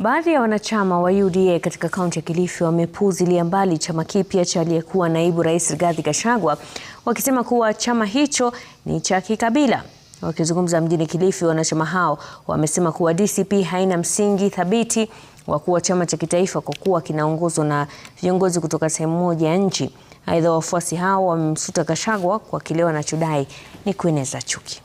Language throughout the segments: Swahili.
Baadhi ya wanachama wa UDA katika kaunti ya Kilifi wamepuuzilia mbali chama kipya cha aliyekuwa naibu rais Rigathi Gachagua wakisema kuwa chama hicho ni cha kikabila. Wakizungumza mjini Kilifi, wanachama hao wamesema kuwa DCP haina msingi thabiti wa kuwa chama cha kitaifa kwa kuwa kinaongozwa na viongozi kutoka sehemu moja ya nchi. Aidha, wafuasi hao wamemsuta Gachagua kwa kile wanachodai ni kueneza chuki.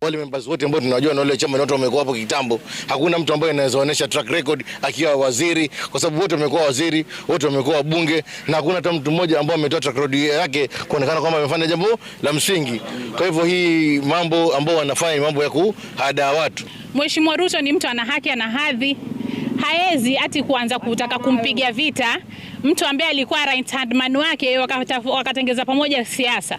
Wale members wote ambao tunajua na wale chama wote wamekuwa hapo kitambo, hakuna mtu ambaye anaweza onyesha track record akiwa waziri, kwa sababu wote wamekuwa waziri, wote wamekuwa bunge na hakuna hata mtu mmoja ambaye ametoa track record yake kuonekana kwamba amefanya jambo la msingi. Kwa hivyo hii mambo ambao wanafanya mambo ya kuhadaa watu. Mheshimiwa Ruto ni mtu ana haki, ana hadhi haezi hati kuanza kutaka kumpiga vita mtu ambaye alikuwa right hand man wake, wakatengeza waka pamoja siasa.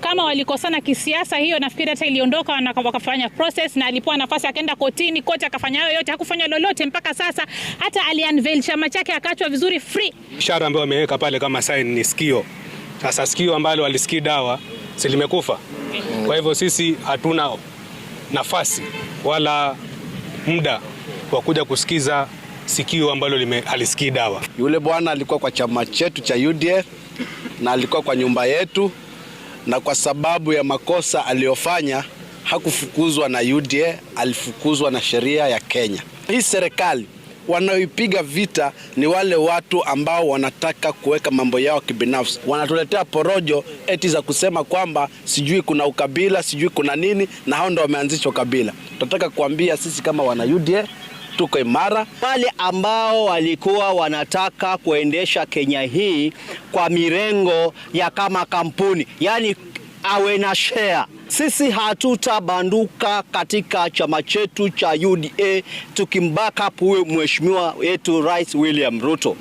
Kama walikosana kisiasa, hiyo nafikiri hata iliondoka na wakafanya process, na alipoa nafasi akaenda kotini, kote akafanya hayo yote, hakufanya lolote mpaka sasa. Hata aliunveil chama chake akaachwa vizuri free. Ishara ambayo ameweka pale kama sign ni sikio. Sasa sikio ambalo alisikii dawa silimekufa. Mm. Kwa hivyo sisi hatuna nafasi wala muda kwa kuja kusikiza sikio ambalo lime dawa. Yule bwana alikuwa kwa chama chetu cha UDF na alikuwa kwa nyumba yetu, na kwa sababu ya makosa aliyofanya hakufukuzwa na UDA, alifukuzwa na sheria ya Kenya. Hii serikali wanaoipiga vita ni wale watu ambao wanataka kuweka mambo yao kibinafsi. Wanatuletea porojo eti za kusema kwamba sijui kuna ukabila, sijui kuna nini, na hao ndo wameanzisha ukabila. Tunataka kuambia sisi kama wana UDA tuko imara. Wale ambao walikuwa wanataka kuendesha Kenya hii kwa mirengo ya kama kampuni, yani awe na share sisi hatutabanduka katika chama chetu cha UDA tukimbaka puwe mheshimiwa wetu Rais William Ruto.